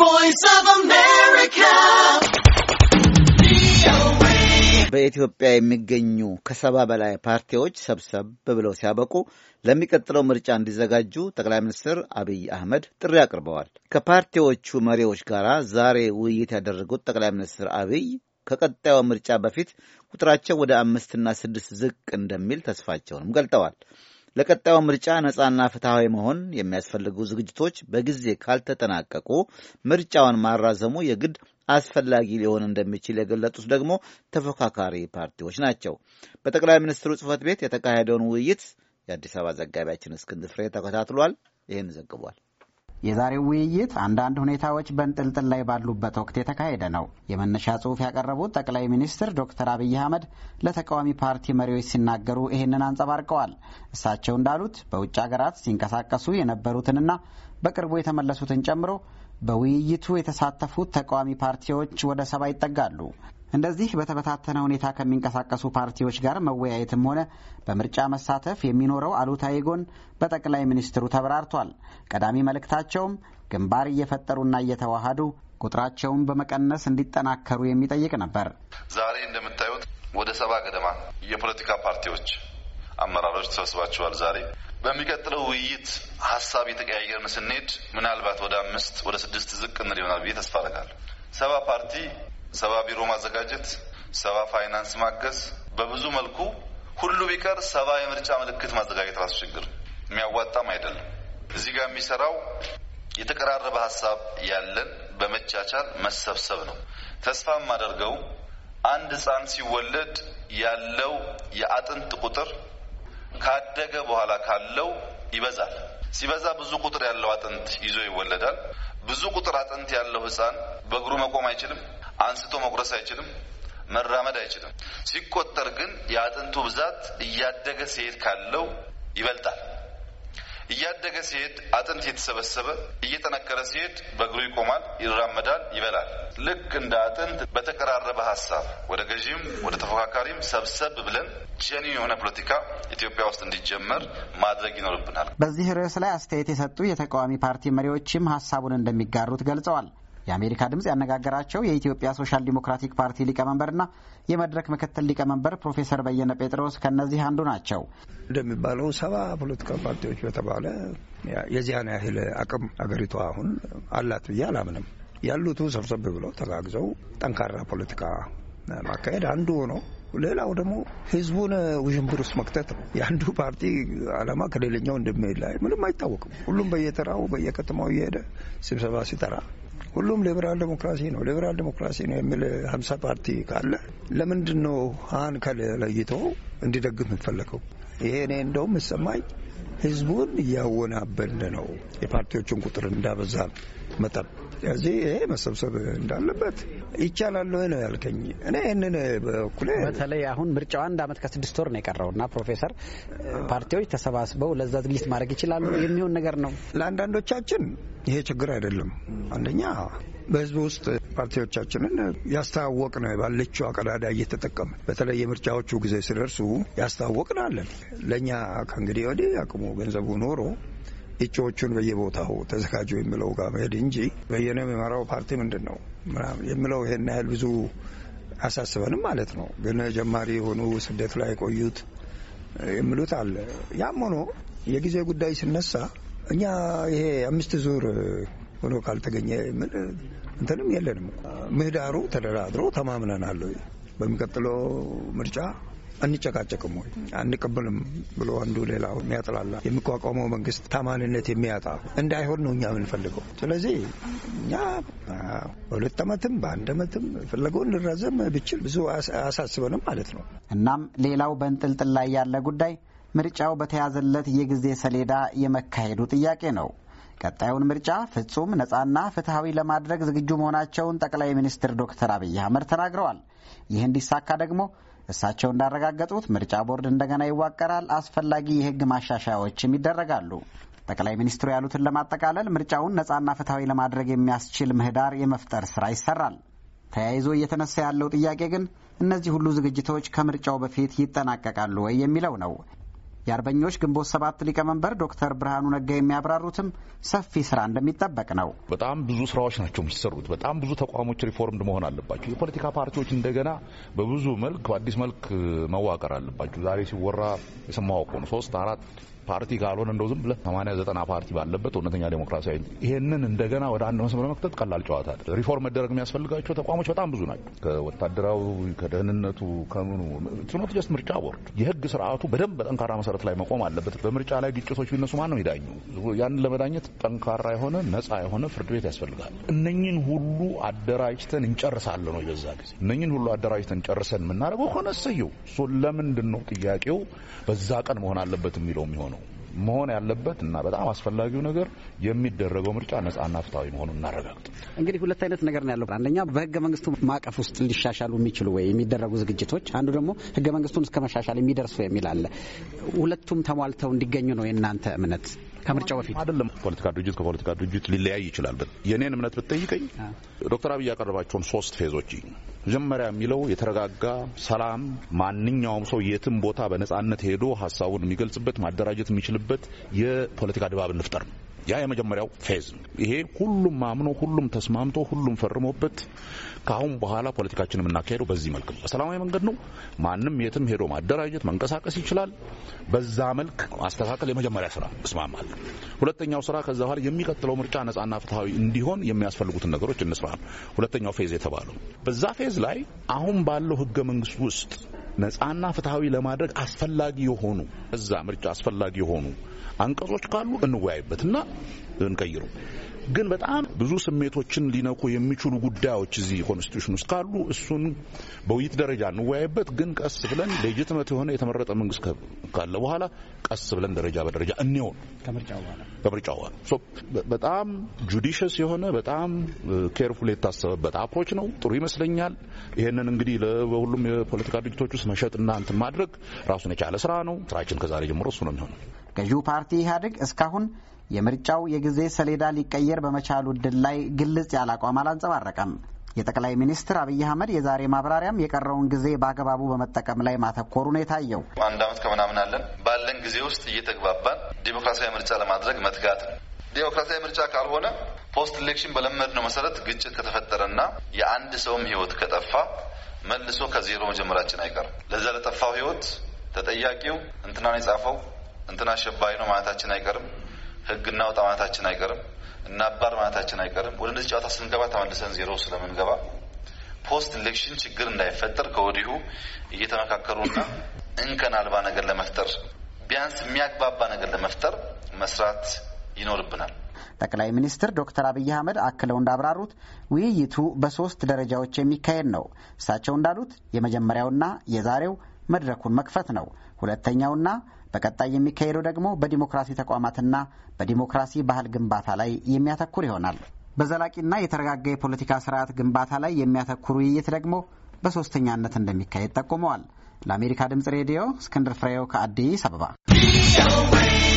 voice of America. በኢትዮጵያ የሚገኙ ከሰባ በላይ ፓርቲዎች ሰብሰብ ብለው ሲያበቁ ለሚቀጥለው ምርጫ እንዲዘጋጁ ጠቅላይ ሚኒስትር አብይ አህመድ ጥሪ አቅርበዋል። ከፓርቲዎቹ መሪዎች ጋር ዛሬ ውይይት ያደረጉት ጠቅላይ ሚኒስትር አብይ ከቀጣዩ ምርጫ በፊት ቁጥራቸው ወደ አምስትና ስድስት ዝቅ እንደሚል ተስፋቸውንም ገልጠዋል። ለቀጣዩ ምርጫ ነጻና ፍትሐዊ መሆን የሚያስፈልጉ ዝግጅቶች በጊዜ ካልተጠናቀቁ ምርጫውን ማራዘሙ የግድ አስፈላጊ ሊሆን እንደሚችል የገለጡት ደግሞ ተፎካካሪ ፓርቲዎች ናቸው። በጠቅላይ ሚኒስትሩ ጽህፈት ቤት የተካሄደውን ውይይት የአዲስ አበባ ዘጋቢያችን እስክንድር ፍሬ ተከታትሏል። ይህን ዘግቧል። የዛሬው ውይይት አንዳንድ ሁኔታዎች በንጥልጥል ላይ ባሉበት ወቅት የተካሄደ ነው። የመነሻ ጽሑፍ ያቀረቡት ጠቅላይ ሚኒስትር ዶክተር አብይ አህመድ ለተቃዋሚ ፓርቲ መሪዎች ሲናገሩ ይህንን አንጸባርቀዋል። እሳቸው እንዳሉት በውጭ ሀገራት ሲንቀሳቀሱ የነበሩትንና በቅርቡ የተመለሱትን ጨምሮ በውይይቱ የተሳተፉት ተቃዋሚ ፓርቲዎች ወደ ሰባ ይጠጋሉ። እንደዚህ በተበታተነ ሁኔታ ከሚንቀሳቀሱ ፓርቲዎች ጋር መወያየትም ሆነ በምርጫ መሳተፍ የሚኖረው አሉታዊ ጎን በጠቅላይ ሚኒስትሩ ተብራርቷል። ቀዳሚ መልእክታቸውም ግንባር እየፈጠሩና እየተዋሃዱ ቁጥራቸውን በመቀነስ እንዲጠናከሩ የሚጠይቅ ነበር። ዛሬ እንደምታዩት ወደ ሰባ ገደማ የፖለቲካ ፓርቲዎች አመራሮች ተሰብስባችኋል። ዛሬ በሚቀጥለው ውይይት ሀሳብ የተቀያየርን ስንሄድ ምናልባት ወደ አምስት ወደ ስድስት ዝቅ እንል ይሆናል ብዬ ተስፋ አደርጋለሁ። ሰባ ፓርቲ ሰባ ቢሮ ማዘጋጀት፣ ሰባ ፋይናንስ ማገዝ፣ በብዙ መልኩ ሁሉ ቢቀር ሰባ የምርጫ ምልክት ማዘጋጀት ራሱ ችግር የሚያዋጣም አይደለም። እዚህ ጋር የሚሰራው የተቀራረበ ሀሳብ ያለን በመቻቻል መሰብሰብ ነው። ተስፋ የማደርገው አንድ ህፃን ሲወለድ ያለው የአጥንት ቁጥር ካደገ በኋላ ካለው ይበዛል። ሲበዛ ብዙ ቁጥር ያለው አጥንት ይዞ ይወለዳል። ብዙ ቁጥር አጥንት ያለው ህፃን በእግሩ መቆም አይችልም። አንስቶ መቁረስ አይችልም፣ መራመድ አይችልም። ሲቆጠር ግን የአጥንቱ ብዛት እያደገ ሲሄድ ካለው ይበልጣል። እያደገ ሲሄድ አጥንት እየተሰበሰበ እየጠነከረ ሲሄድ በእግሩ ይቆማል፣ ይራመዳል፣ ይበላል። ልክ እንደ አጥንት በተቀራረበ ሀሳብ ወደ ገዢም ወደ ተፎካካሪም ሰብሰብ ብለን ጀኒ የሆነ ፖለቲካ ኢትዮጵያ ውስጥ እንዲጀመር ማድረግ ይኖርብናል። በዚህ ርዕስ ላይ አስተያየት የሰጡ የተቃዋሚ ፓርቲ መሪዎችም ሀሳቡን እንደሚጋሩት ገልጸዋል። የአሜሪካ ድምፅ ያነጋገራቸው የኢትዮጵያ ሶሻል ዲሞክራቲክ ፓርቲ ሊቀመንበርና የመድረክ ምክትል ሊቀመንበር ፕሮፌሰር በየነ ጴጥሮስ ከእነዚህ አንዱ ናቸው። እንደሚባለው ሰባ ፖለቲካ ፓርቲዎች በተባለ የዚያን ያህል አቅም አገሪቷ አሁን አላት ብዬ አላምንም። ያሉቱ ሰብሰብ ብለው ተጋግዘው ጠንካራ ፖለቲካ ማካሄድ አንዱ ሆኖ ሌላው ደግሞ ህዝቡን ውዥንብር ውስጥ መክተት ነው። የአንዱ ፓርቲ አላማ ከሌለኛው እንደሚሄድ ላይ ምንም አይታወቅም። ሁሉም በየተራው በየከተማው እየሄደ ስብሰባ ሲጠራ ሁሉም ሊበራል ዴሞክራሲ ነው ሊበራል ዴሞክራሲ ነው የሚል ሀምሳ ፓርቲ ካለ ለምንድን ነው ሀን ከለይቶ እንዲደግፍ የምፈለገው? ይሄ እኔ እንደውም ይሰማኝ ህዝቡን እያወናበን ነው። የፓርቲዎቹን ቁጥር እንዳበዛ መጠን እዚህ ይሄ መሰብሰብ እንዳለበት ይቻላል ነው ያልከኝ። እኔ ይህንን በኩል በተለይ አሁን ምርጫው አንድ አመት ከስድስት ወር ነው የቀረው እና ፕሮፌሰር ፓርቲዎች ተሰባስበው ለዛ ዝግጅት ማድረግ ይችላሉ የሚሆን ነገር ነው። ለአንዳንዶቻችን ይሄ ችግር አይደለም። አንደኛ በህዝብ ውስጥ ፓርቲዎቻችንን ያስተዋወቅ ነው ባለችው አቀዳዳ እየተጠቀመ በተለይ የምርጫዎቹ ጊዜ ሲደርሱ ያስተዋወቅን አለን። ለእኛ ከእንግዲህ ወዲህ አቅሙ ገንዘቡ ኖሮ እጩዎቹን በየቦታው ተዘጋጁ የሚለው ጋር መሄድ እንጂ በየነ የሚመራው ፓርቲ ምንድን ነው የሚለው ይሄን ያህል ብዙ አሳስበንም ማለት ነው። ግን ጀማሪ የሆኑ ስደት ላይ የቆዩት የሚሉት አለ። ያም ሆኖ የጊዜ ጉዳይ ሲነሳ እኛ ይሄ አምስት ዙር ሆኖ ካልተገኘ የሚል እንትንም የለንም። ምህዳሩ ተደራድሮ ተማምነናል። በሚቀጥለው ምርጫ አንጨቃጨቅም ወይ አንቀበልም ብሎ አንዱ ሌላ የሚያጥላላ የሚቋቋመው መንግስት ታማኒነት የሚያጣ እንዳይሆን ነው እኛ የምንፈልገው። ስለዚህ እኛ በሁለት ዓመትም በአንድ ዓመትም ፍለገውን ልረዘም ብችል ብዙ አያሳስበንም ማለት ነው። እናም ሌላው በእንጥልጥል ላይ ያለ ጉዳይ ምርጫው በተያዘለት የጊዜ ሰሌዳ የመካሄዱ ጥያቄ ነው። ቀጣዩን ምርጫ ፍጹም ነፃና ፍትሐዊ ለማድረግ ዝግጁ መሆናቸውን ጠቅላይ ሚኒስትር ዶክተር አብይ አህመድ ተናግረዋል። ይህ እንዲሳካ ደግሞ እሳቸው እንዳረጋገጡት ምርጫ ቦርድ እንደገና ይዋቀራል፣ አስፈላጊ የህግ ማሻሻያዎችም ይደረጋሉ። ጠቅላይ ሚኒስትሩ ያሉትን ለማጠቃለል ምርጫውን ነፃና ፍትሐዊ ለማድረግ የሚያስችል ምህዳር የመፍጠር ስራ ይሰራል። ተያይዞ እየተነሳ ያለው ጥያቄ ግን እነዚህ ሁሉ ዝግጅቶች ከምርጫው በፊት ይጠናቀቃሉ ወይ የሚለው ነው። የአርበኞች ግንቦት ሰባት ሊቀመንበር ዶክተር ብርሃኑ ነጋ የሚያብራሩትም ሰፊ ስራ እንደሚጠበቅ ነው። በጣም ብዙ ስራዎች ናቸው የሚሰሩት። በጣም ብዙ ተቋሞች ሪፎርምድ መሆን አለባቸው። የፖለቲካ ፓርቲዎች እንደገና በብዙ መልክ በአዲስ መልክ መዋቀር አለባቸው። ዛሬ ሲወራ የሰማው እኮ ነው ሶስት አራት ፓርቲ ካልሆነ እንደው ዝም ብለህ ሰማንያ ዘጠና ፓርቲ ባለበት እውነተኛ ዴሞክራሲያዊ ይህንን እንደገና ወደ አንድ መስመር መክተት ቀላል ጨዋታ አይደለም። ሪፎርም መደረግ የሚያስፈልጋቸው ተቋሞች በጣም ብዙ ናቸው። ከወታደራዊ ከደህንነቱ፣ ከምኑ ትኖት ጀስት ምርጫ ቦርድ የህግ ስርዓቱ በደንብ በጠንካራ መሰረት ላይ መቆም አለበት። በምርጫ ላይ ግጭቶች ቢነሱ ማን ነው ይዳኙ? ያንን ለመዳኘት ጠንካራ የሆነ ነጻ የሆነ ፍርድ ቤት ያስፈልጋል። እነኝን ሁሉ አደራጅተን እንጨርሳለን ነው የበዛ ጊዜ እነኝን ሁሉ አደራጅተን ጨርሰን የምናደርገው ከሆነ ሰየው እሱ ለምንድን ነው ጥያቄው በዛ ቀን መሆን አለበት የሚለው የሚሆነው መሆን ያለበት እና በጣም አስፈላጊው ነገር የሚደረገው ምርጫ ነጻና ፍትሐዊ መሆኑን እናረጋግጥ። እንግዲህ ሁለት አይነት ነገር ነው ያለው። አንደኛ በህገ መንግስቱ ማዕቀፍ ውስጥ ሊሻሻሉ የሚችሉ ወይ የሚደረጉ ዝግጅቶች፣ አንዱ ደግሞ ህገ መንግስቱን እስከ መሻሻል የሚደርሱ የሚል አለ። ሁለቱም ተሟልተው እንዲገኙ ነው የእናንተ እምነት? ከምርጫው በፊት አይደለም። ፖለቲካ ድርጅት ከፖለቲካ ድርጅት ሊለያይ ይችላል። የኔን እምነት ብትጠይቀኝ ዶክተር አብይ ያቀረባቸውን ሶስት ፌዞች መጀመሪያ የሚለው የተረጋጋ ሰላም፣ ማንኛውም ሰው የትም ቦታ በነጻነት ሄዶ ሀሳቡን የሚገልጽበት ማደራጀት የሚችልበት የፖለቲካ ድባብ እንፍጠር ነው። ያ የመጀመሪያው ፌዝ ነው። ይሄ ሁሉም ማምኖ ሁሉም ተስማምቶ ሁሉም ፈርሞበት ከአሁን በኋላ ፖለቲካችን የምናካሄደው በዚህ መልክ ነው። በሰላማዊ መንገድ ነው። ማንም የትም ሄዶ ማደራጀት መንቀሳቀስ ይችላል። በዛ መልክ ማስተካከል የመጀመሪያ ስራ እስማማል። ሁለተኛው ስራ ከዛ በኋላ የሚቀጥለው ምርጫ ነጻና ፍትሐዊ እንዲሆን የሚያስፈልጉትን ነገሮች እንስራ ነው ሁለተኛው ፌዝ የተባለው። በዛ ፌዝ ላይ አሁን ባለው ህገ መንግስት ውስጥ ነፃና ፍትሐዊ ለማድረግ አስፈላጊ የሆኑ እዛ ምርጫ አስፈላጊ የሆኑ አንቀጾች ካሉ እንወያይበትና እንቀይሩ። ግን በጣም ብዙ ስሜቶችን ሊነኩ የሚችሉ ጉዳዮች እዚህ ኮንስቲቱሽን ውስጥ ካሉ እሱን በውይይት ደረጃ እንወያይበት። ግን ቀስ ብለን ሌጅትመት የሆነ የተመረጠ መንግስት ካለ በኋላ ቀስ ብለን ደረጃ በደረጃ እንየውን ከምርጫ በኋላ በጣም ጁዲሽስ የሆነ በጣም ኬርፉል የታሰበበት አፕሮች ነው። ጥሩ ይመስለኛል። ይህንን እንግዲህ በሁሉም የፖለቲካ ድርጅቶች ውስጥ መሸጥና እንትን ማድረግ ራሱን የቻለ ስራ ነው። ስራችን ከዛሬ ጀምሮ እሱ ነው የሚሆነው። ገዢው ፓርቲ ኢህአዴግ እስካሁን የምርጫው የጊዜ ሰሌዳ ሊቀየር በመቻሉ ዕድል ላይ ግልጽ ያለ አቋም አላንጸባረቀም። የጠቅላይ ሚኒስትር አብይ አህመድ የዛሬ ማብራሪያም የቀረውን ጊዜ በአግባቡ በመጠቀም ላይ ማተኮሩን የታየው። አንድ አመት ከምናምን አለን። ባለን ጊዜ ውስጥ እየተግባባን ዴሞክራሲያዊ ምርጫ ለማድረግ መትጋት ነው። ዴሞክራሲያዊ ምርጫ ካልሆነ ፖስት ኢሌክሽን በለመድ ነው መሰረት ግጭት ከተፈጠረና የአንድ ሰውም ህይወት ከጠፋ መልሶ ከዜሮ መጀመራችን አይቀርም። ለዛ ለጠፋው ህይወት ተጠያቂው እንትናን የጻፈው እንትና አሸባሪ ነው ማለታችን አይቀርም። ህግና እናውጣ ማለታችን አይቀርም፣ እናባር ማለታችን አይቀርም። ወደ እነዚህ ጨዋታ ስንገባ ተመልሰን ዜሮ ስለምንገባ ፖስት ኢሌክሽን ችግር እንዳይፈጠር ከወዲሁ እየተመካከሩና እንከን አልባ ነገር ለመፍጠር ቢያንስ የሚያግባባ ነገር ለመፍጠር መስራት ይኖርብናል። ጠቅላይ ሚኒስትር ዶክተር አብይ አህመድ አክለው እንዳብራሩት ውይይቱ በሶስት ደረጃዎች የሚካሄድ ነው። እሳቸው እንዳሉት የመጀመሪያውና የዛሬው መድረኩን መክፈት ነው። ሁለተኛውና በቀጣይ የሚካሄደው ደግሞ በዲሞክራሲ ተቋማትና በዲሞክራሲ ባህል ግንባታ ላይ የሚያተኩር ይሆናል። በዘላቂና የተረጋጋ የፖለቲካ ስርዓት ግንባታ ላይ የሚያተኩር ውይይት ደግሞ በሶስተኛነት እንደሚካሄድ ጠቁመዋል። ለአሜሪካ ድምጽ ሬዲዮ እስክንድር ፍሬው ከአዲስ አበባ